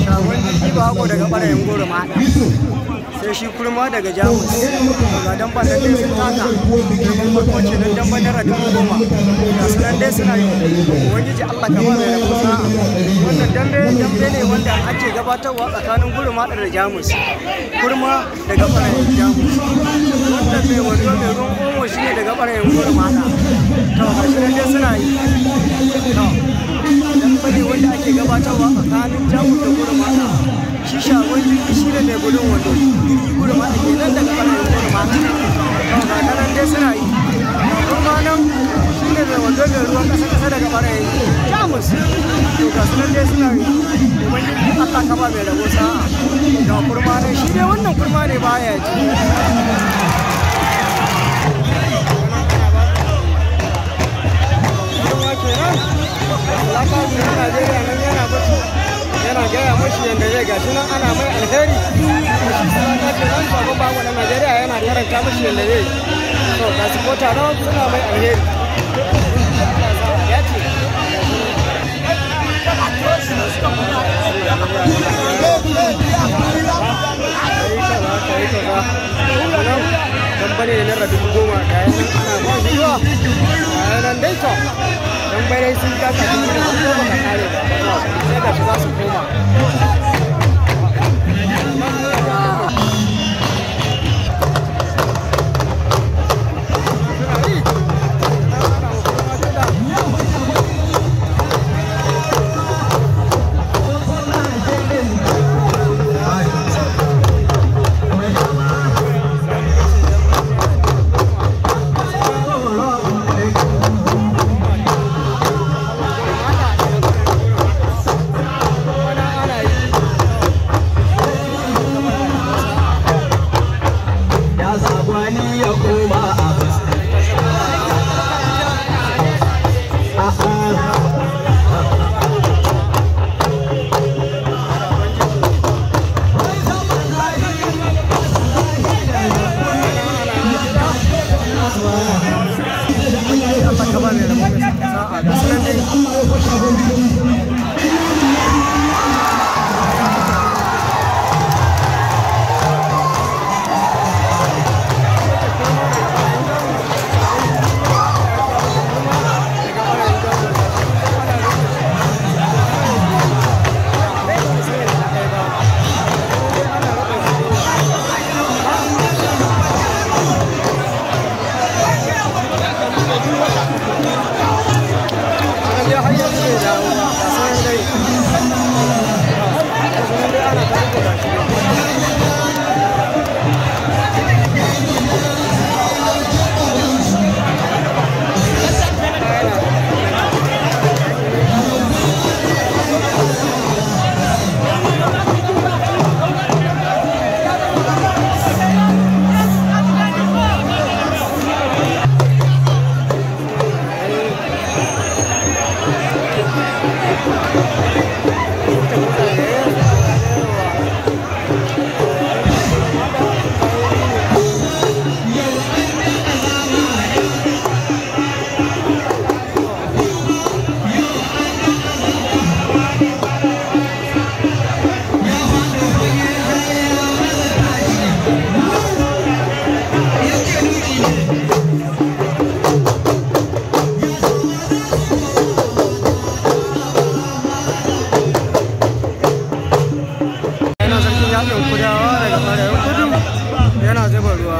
wanda shi ba hako daga ɓarayin goro maɗa sai shi kurma daga jamus ga dan ban dai sun taka domin farko ce nan dan ban dara dubu goma ga su nan dai suna yi wani ji allah kamar da kusa wannan dambe dambe ne wanda ake gabatarwa tsakanin kurma da jamus kurma daga ɓarayin jamus wanda mai wato mai ruwan omo shi ne daga ɓarayin kurma da to ga shi nan dai suna yi ne wanda ake gabatarwa kanin jamus da gurmata shi shagon jirgi shi ne mai gudun wando jirgi gurmata ke nan daga ɓarayin gurmata ga kanan dai suna yi nan shi ne mai wando mai ruwan kasa kasa daga ɓarayin jamus to ga sunan dai suna yi domin jirgi allah kaba mai rabo sa'a ga kurma nan shi ne wannan kurma ne baya ji mishi lalle ya ga su kota rawar suna mai alheri ya ce dambane da naira dubu goma da ya san ana ba shi zuwa a yanar don sun kasa dubu da kare sai shi za su koma yana zuba ruwa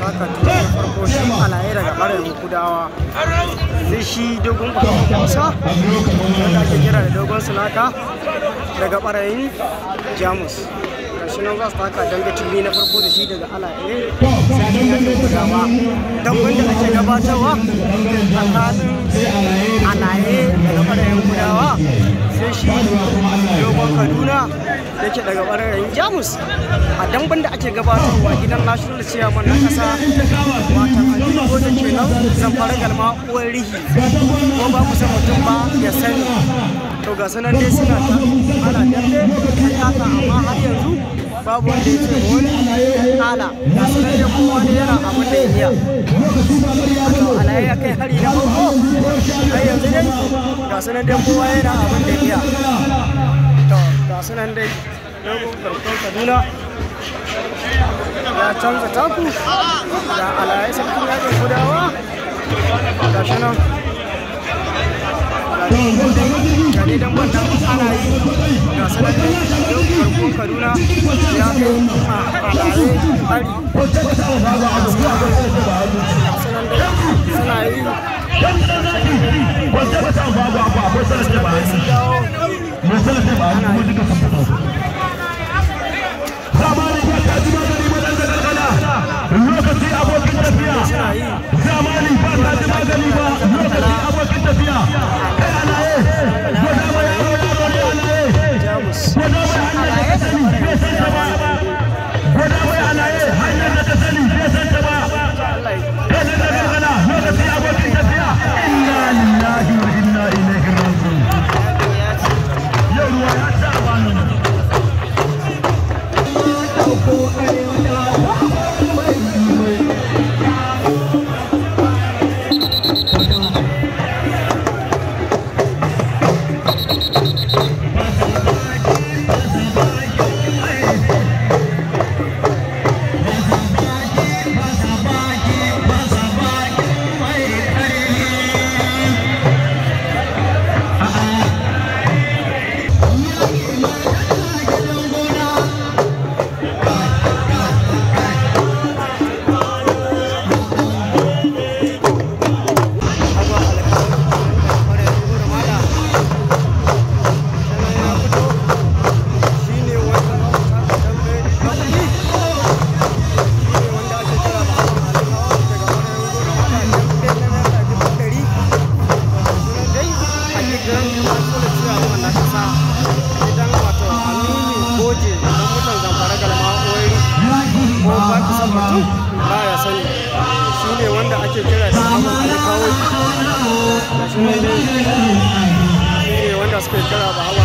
taka tunan farko shi alaye daga ɓarin kudawa sai shi dogon kusa wanda ake kira da dogon sunaka daga ɓarayin jamus gashi nan za su taka dangacin na farko da shi daga alaye shugaba dambun da ake gabatarwa tsakanin alaye da na ɓarayin gudawa sai shi dogon kaduna da ke daga ɓarayin jamus a dambun da ake gabatarwa gidan national chairman na ƙasa watan aliyu ko nan zan fara galma uwar rihi ko ba ku mutum ba ya sani to ga sanar dai suna ta ana dalle a amma har yanzu babu wanda ya ce wani ala ga su nan kowa ne yana abin da iya to ya kai hari na farko kai yanzu dai ga su nan kowa yana abin da iya to ga su nan dai kaduna ya canza taku yakin ga shi nan ga dai dan wannan ana yi ga sanar da kaduna ya kai a alare bari suna yi zamani ba ta ji magani ba lokaci abokin tafiya wasa idan wato aminu goje idan mutan zamfara galma oyin ko ba ki san mutum ba ya sani shi ne wanda ake kira da kawo alkawo da shi ne ne wanda suke kira ba hawa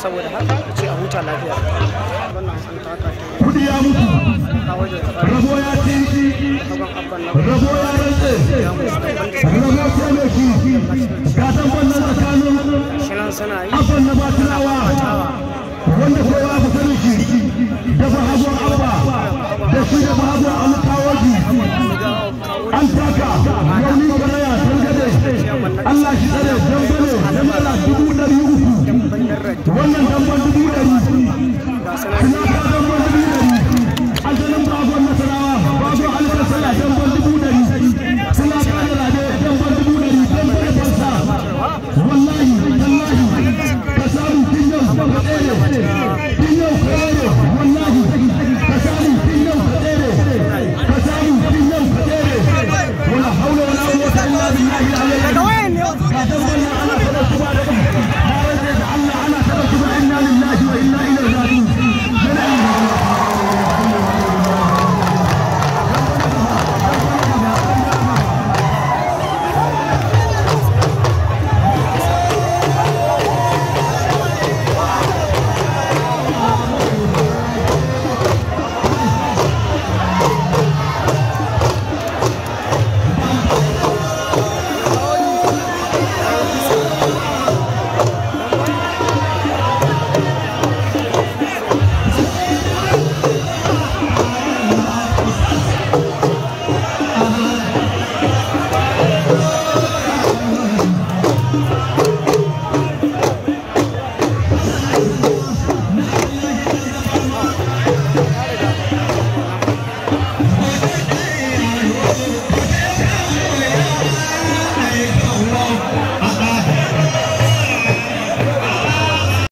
saboda haka a ce a huta lafiya wannan an taka kudi ya mutu rabo ya tinki rabo ya rantse rabo ce mai shi gatan wannan tsakanin abban na batirawa wanda kowa ku sani shi da bahagon abba da shi da bahagon alkawaji an taka wani karaya sun gade Allah shi tsare don gane jama'a dubu